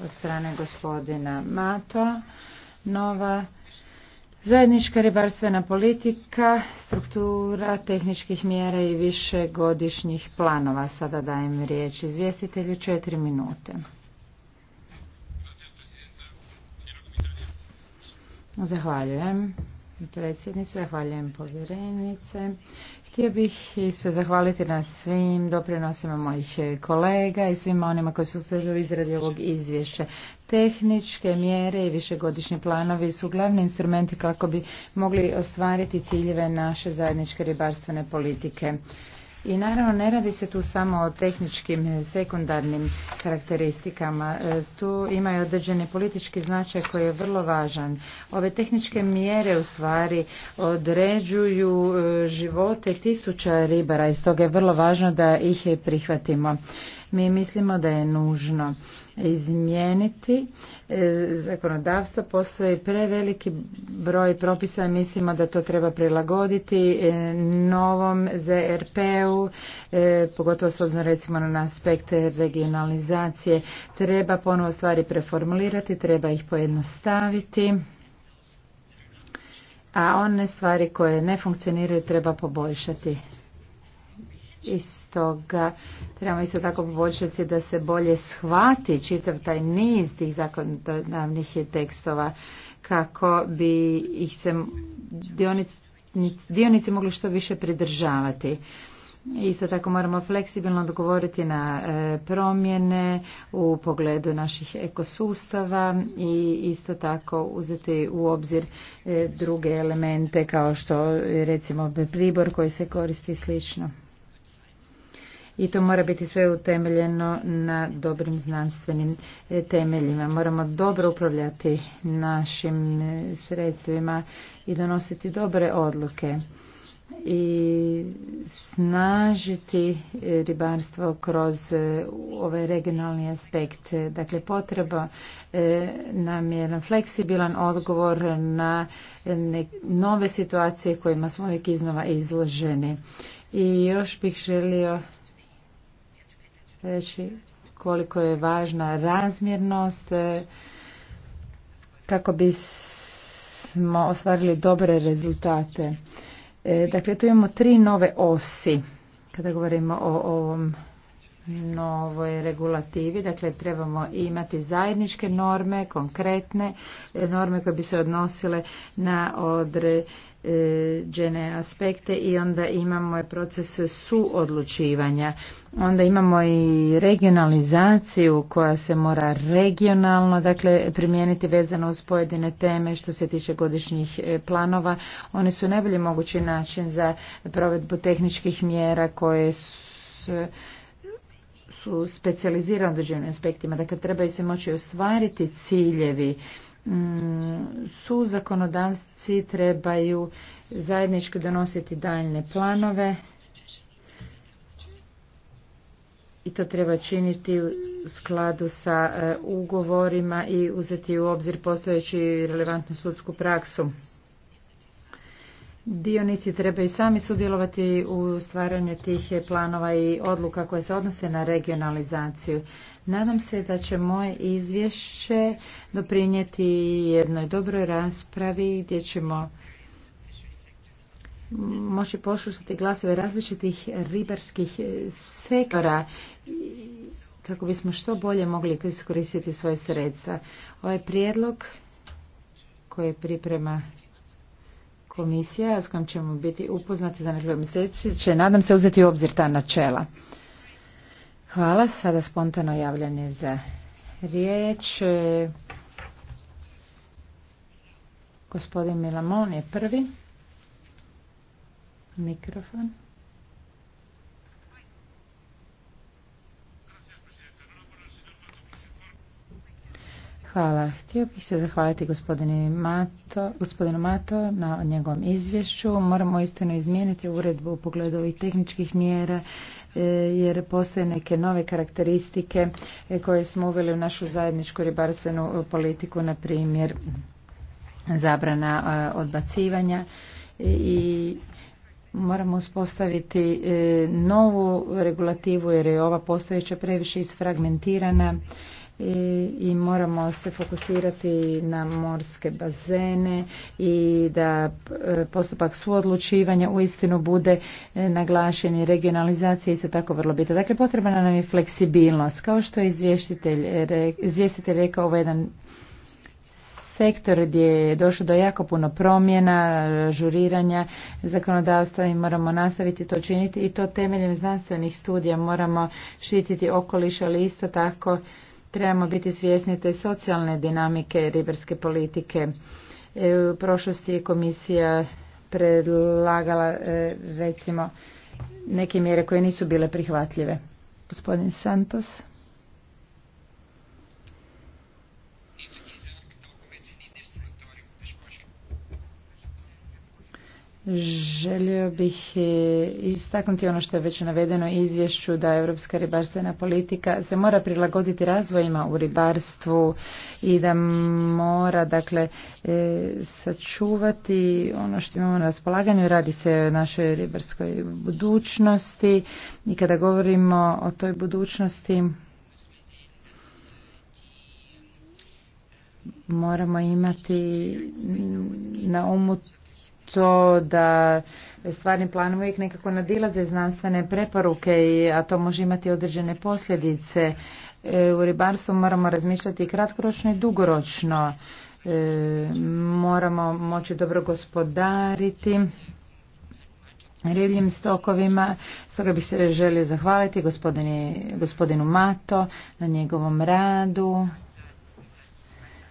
od strane gospodina Mato, nova zajednička ribarstvena politika, struktura tehničkih mjera i više godišnjih planova. Sada dajem riječ izvjestitelju četiri minute. Zahvaljujem predsjednice, zahvaljujem povjerenice. Htio bih se zahvaliti na svim doprinosima mojih kolega i svima onima koji su služili u izradi ovog izvješća. Tehničke mjere i višegodišnji planovi su glavni instrumenti kako bi mogli ostvariti ciljeve naše zajedničke ribarstvene politike. I naravno ne radi se tu samo o tehničkim sekundarnim karakteristikama. E, tu imaju određeni politički značaj koji je vrlo važan. Ove tehničke mjere u stvari određuju e, živote tisuća ribara i stoga je vrlo važno da ih prihvatimo. Mi mislimo da je nužno izmijeniti e, zakonodavstvo. Postoji preveliki broj propisa i mislimo da to treba prilagoditi e, novom ZRP-u, e, pogotovo s obzirom recimo na aspekte regionalizacije. Treba ponovo stvari preformulirati, treba ih pojednostaviti a one stvari koje ne funkcioniraju treba poboljšati i stoga trebamo isto tako poboljšati da se bolje shvati čitav taj niz tih zakonodavnih tekstova kako bi ih se dionici, dionici mogli što više pridržavati. Isto tako moramo fleksibilno odgovoriti na e, promjene u pogledu naših ekosustava i isto tako uzeti u obzir e, druge elemente kao što recimo pribor koji se koristi slično i to mora biti sve utemeljeno na dobrim znanstvenim e, temeljima. Moramo dobro upravljati našim e, sredstvima i donositi dobre odluke i snažiti e, ribarstvo kroz ovaj regionalni aspekt. Dakle, potreba nam je jedan fleksibilan odgovor na nove situacije kojima smo uvijek iznova izloženi. I još bih želio reći koliko je važna razmjernost e, kako bismo ostvarili dobre rezultate. E, dakle, tu imamo tri nove osi kada govorimo o ovom novoj regulativi, dakle trebamo imati zajedničke norme, konkretne norme koje bi se odnosile na određene aspekte i onda imamo proces suodlučivanja. Onda imamo i regionalizaciju koja se mora regionalno dakle, primijeniti vezano uz pojedine teme što se tiče godišnjih e, planova. Oni su najbolji mogući način za provedbu tehničkih mjera koje su su specijalizirani određenim aspektima, dakle trebaju se moći ostvariti ciljevi, mm, su zakonodavci trebaju zajednički donositi daljne planove i to treba činiti u skladu sa e, ugovorima i uzeti u obzir postojeći relevantnu sudsku praksu. Dionici treba i sami sudjelovati u stvaranju tih planova i odluka koje se odnose na regionalizaciju. Nadam se da će moje izvješće doprinijeti jednoj dobroj raspravi gdje ćemo moći poslušati glasove različitih ribarskih sektora kako bismo što bolje mogli iskoristiti svoje sredstva. Ovaj prijedlog koji priprema komisija s kojom ćemo biti upoznati za nekoliko mjeseci će nadam se uzeti u obzir ta načela. Hvala. Sada spontano javljanje za riječ. Gospodin Milamon je prvi. Mikrofon. Hvala. Htio bih se zahvaliti gospodinu Mato, gospodinu Mato na njegovom izvješću. Moramo istino izmijeniti uredbu u pogledu ovih tehničkih mjera e, jer postoje neke nove karakteristike e, koje smo uveli u našu zajedničku ribarstvenu politiku, na primjer zabrana e, odbacivanja i moramo uspostaviti novu regulativu jer je ova postojeća previše isfragmentirana i moramo se fokusirati na morske bazene i da e, postupak suodlučivanja uistinu bude e, naglašen i regionalizacija isto tako vrlo bitno. Dakle, potrebna nam je fleksibilnost. Kao što je izvjestitelj, rekao, ovo jedan sektor gdje je došlo do jako puno promjena, žuriranja zakonodavstva i moramo nastaviti to činiti i to temeljem znanstvenih studija moramo štititi okoliš, ali isto tako Trebamo biti svjesni te socijalne dinamike ribarske politike. E, u prošlosti je komisija predlagala e, recimo neke mjere koje nisu bile prihvatljive. Gospodin Santos. Želio bih e, istaknuti ono što je već navedeno izvješću da europska ribarstvena politika se mora prilagoditi razvojima u ribarstvu i da mora dakle e, sačuvati ono što imamo na raspolaganju. Radi se o našoj ribarskoj budućnosti i kada govorimo o toj budućnosti moramo imati na umu to da stvarni plan uvijek nekako nadilaze znanstvene preporuke, a to može imati određene posljedice. E, u ribarstvu moramo razmišljati kratkoročno i dugoročno. E, moramo moći dobro gospodariti ribljim stokovima. Stoga bih se želio zahvaliti gospodinu Mato na njegovom radu.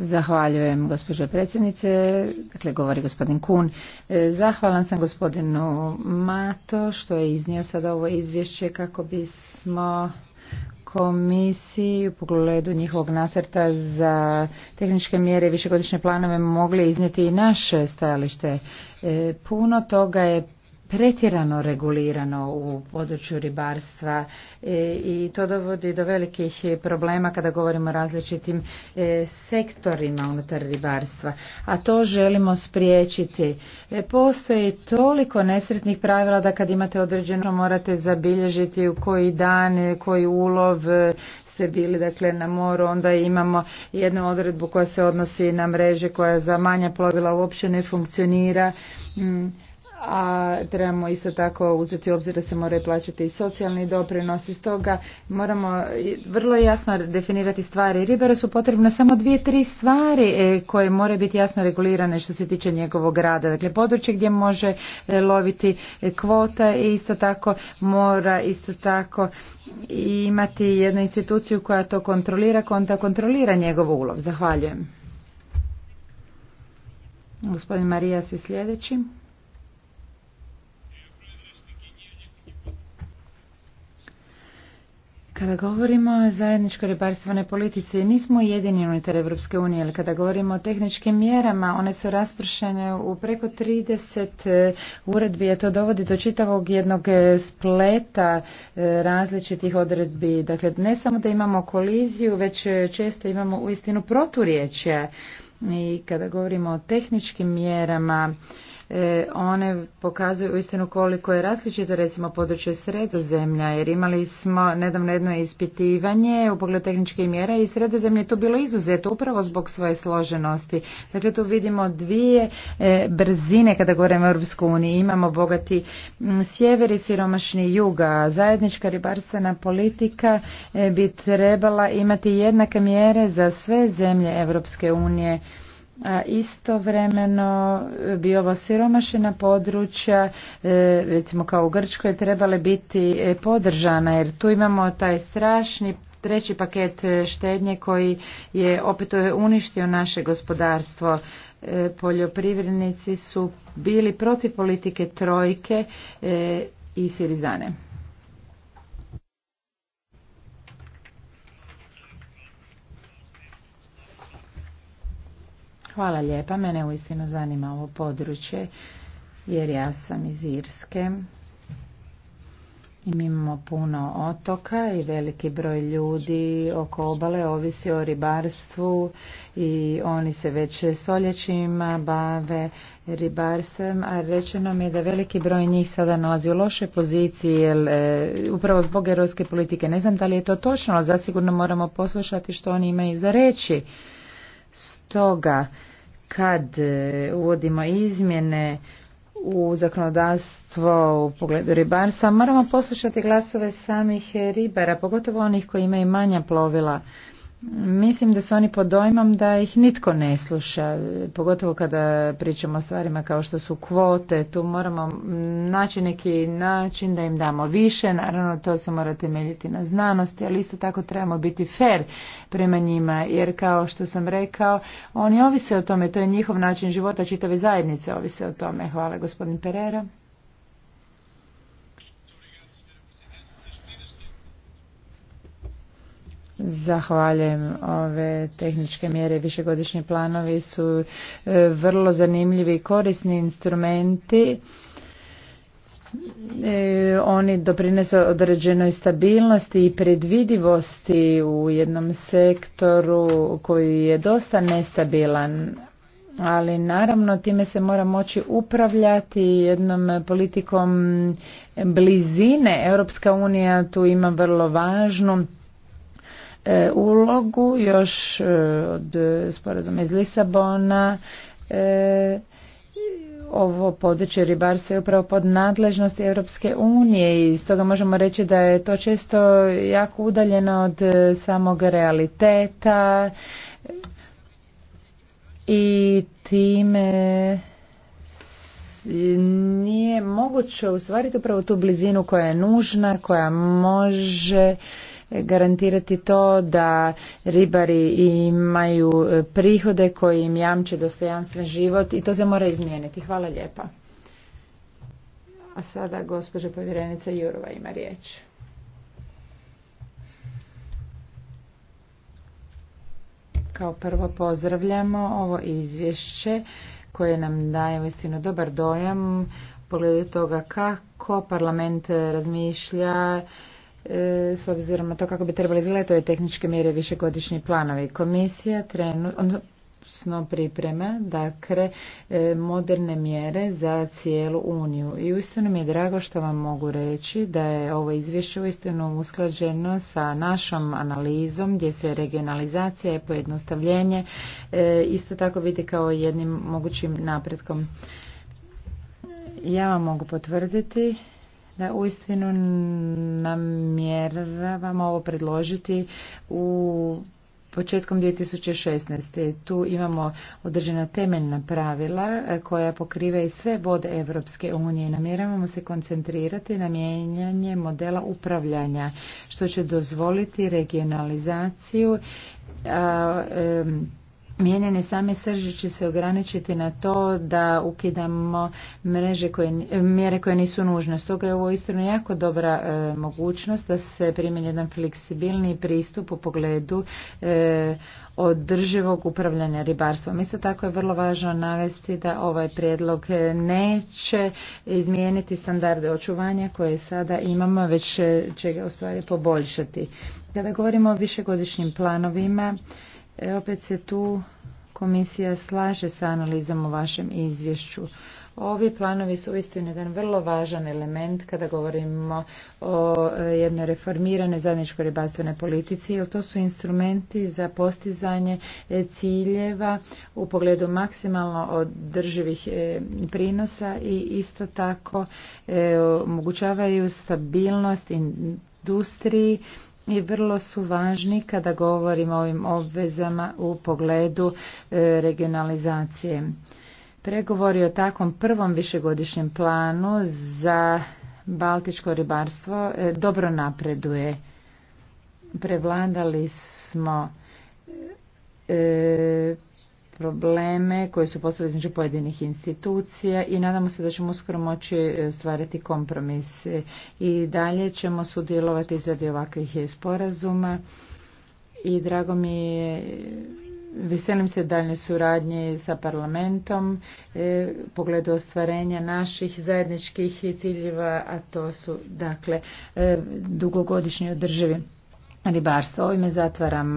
Zahvaljujem gospođo predsjednice, dakle govori gospodin Kun. E, zahvalan sam gospodinu Mato što je iznio sada ovo izvješće kako bismo komisiji u pogledu njihovog nacrta za tehničke mjere i višegodišnje planove mogli iznijeti i naše stajalište. E, puno toga je pretjerano regulirano u području ribarstva e, i to dovodi do velikih problema kada govorimo o različitim e, sektorima unutar ribarstva, a to želimo spriječiti. E, postoji toliko nesretnih pravila da kad imate određeno morate zabilježiti u koji dan, koji ulov, ste bili dakle na moru, onda imamo jednu odredbu koja se odnosi na mreže koja za manja plovila uopće ne funkcionira. Mm, a trebamo isto tako uzeti u obzir da se moraju plaćati i socijalni doprinos Iz stoga moramo vrlo jasno definirati stvari. Riberu su potrebne samo dvije, tri stvari e, koje moraju biti jasno regulirane što se tiče njegovog rada. Dakle, područje gdje može e, loviti e, kvota i isto tako mora isto tako imati jednu instituciju koja to kontrolira, konta kontrolira njegov ulov. Zahvaljujem. Gospodin Marijas je sljedeći. Kada govorimo o zajedničkoj ribarstvenoj politici, nismo jedini unutar Europske unije, ali kada govorimo o tehničkim mjerama, one su raspršene u preko 30 e, uredbi, a to dovodi do čitavog jednog e, spleta e, različitih odredbi. Dakle, ne samo da imamo koliziju, već često imamo uistinu proturječje. I kada govorimo o tehničkim mjerama, E, one pokazuju uistinu koliko je različito recimo područje sredozemlja jer imali smo nedavno jedno ispitivanje u pogledu tehničke mjera i sredozemlje je to bilo izuzeto upravo zbog svoje složenosti. Dakle tu vidimo dvije e, brzine kada govorimo o Europskoj uniji. Imamo bogati sjever i siromašni juga. Zajednička ribarstvena politika e, bi trebala imati jednake mjere za sve zemlje Europske unije a istovremeno e, bi ovo siromašena područja, e, recimo kao u Grčkoj, trebale biti e, podržana jer tu imamo taj strašni treći paket štednje koji je opet uništio naše gospodarstvo. Poljoprivrednici su bili protiv politike trojke i Sirizane. Hvala lijepa, mene uistinu zanima ovo područje jer ja sam iz Irske i mi imamo puno otoka i veliki broj ljudi oko obale ovisi o ribarstvu i oni se već stoljećima bave ribarstvom, a rečeno mi je da veliki broj njih sada nalazi u lošoj poziciji jer e, upravo zbog europske politike. Ne znam da li je to točno, ali zasigurno moramo poslušati što oni imaju za reći. Stoga kad e, uvodimo izmjene u zakonodavstvo u pogledu ribarstva moramo poslušati glasove samih ribara, pogotovo onih koji imaju manja plovila. Mislim da su oni pod dojmom da ih nitko ne sluša, pogotovo kada pričamo o stvarima kao što su kvote, tu moramo naći neki način da im damo više, naravno to se mora temeljiti na znanosti, ali isto tako trebamo biti fair prema njima, jer kao što sam rekao, oni ovise o tome, to je njihov način života, čitave zajednice ovise o tome. Hvala gospodin Pereira. Zahvaljujem. Ove tehničke mjere višegodišnji planovi su e, vrlo zanimljivi i korisni instrumenti. E, oni doprinese određenoj stabilnosti i predvidivosti u jednom sektoru koji je dosta nestabilan ali naravno time se mora moći upravljati jednom politikom blizine. Europska unija tu ima vrlo važnu E, ulogu još e, od sporazuma iz Lisabona e, ovo područje ribarstva je upravo pod nadležnosti Europske unije i stoga možemo reći da je to često jako udaljeno od samog realiteta i time nije moguće usvariti upravo tu blizinu koja je nužna, koja može garantirati to da ribari imaju e, prihode koji im jamče dostojanstven život i to se mora izmijeniti. Hvala lijepa. A sada gospođa povjerenica Jurova ima riječ. Kao prvo pozdravljamo ovo izvješće koje nam daje uistinu dobar dojam u pogledu toga kako parlament razmišlja s obzirom na to kako bi trebali izgledati ove tehničke mjere višegodišnji planovi. Komisija trenu, odnosno priprema dakle e, moderne mjere za cijelu Uniju. I uistinu mi je drago što vam mogu reći da je ovo izvješće uistinu usklađeno sa našom analizom gdje se regionalizacija i pojednostavljenje e, isto tako vidi kao jednim mogućim napretkom. Ja vam mogu potvrditi da uistinu namjeravamo ovo predložiti u početkom 2016. Tu imamo održena temeljna pravila e, koja pokrive i sve vode Evropske unije. Namjeravamo se koncentrirati na mijenjanje modela upravljanja, što će dozvoliti regionalizaciju Mijenjene same srži će se ograničiti na to da ukidamo mreže koje, mjere koje nisu nužne. Stoga je ovo istinu jako dobra e, mogućnost da se primjeni jedan fleksibilni pristup u pogledu e, održivog upravljanja ribarstva. Isto tako je vrlo važno navesti da ovaj prijedlog neće izmijeniti standarde očuvanja koje sada imamo, već će ga u stvari poboljšati. Kada govorimo o višegodišnjim planovima, E, opet se tu komisija slaže sa analizom u vašem izvješću. Ovi planovi su uistinu jedan vrlo važan element kada govorimo o e, jednoj reformiranoj zajedničkoj ribarstvenoj politici, jer to su instrumenti za postizanje e, ciljeva u pogledu maksimalno održivih prinosa i isto tako omogućavaju stabilnost industriji i vrlo su važni kada govorimo o ovim obvezama u pogledu e, regionalizacije. Pregovori o takvom prvom višegodišnjem planu za baltičko ribarstvo e, dobro napreduje. Prevladali smo e, probleme koje su postali između pojedinih institucija i nadamo se da ćemo uskoro moći e, stvarati kompromis i dalje ćemo sudjelovati izradi ovakvih sporazuma i drago mi je Veselim se daljnje suradnje sa parlamentom e, pogledu ostvarenja naših zajedničkih ciljeva, a to su dakle dugogodišnje dugogodišnji održivi ribarstvo. Ovime zatvaram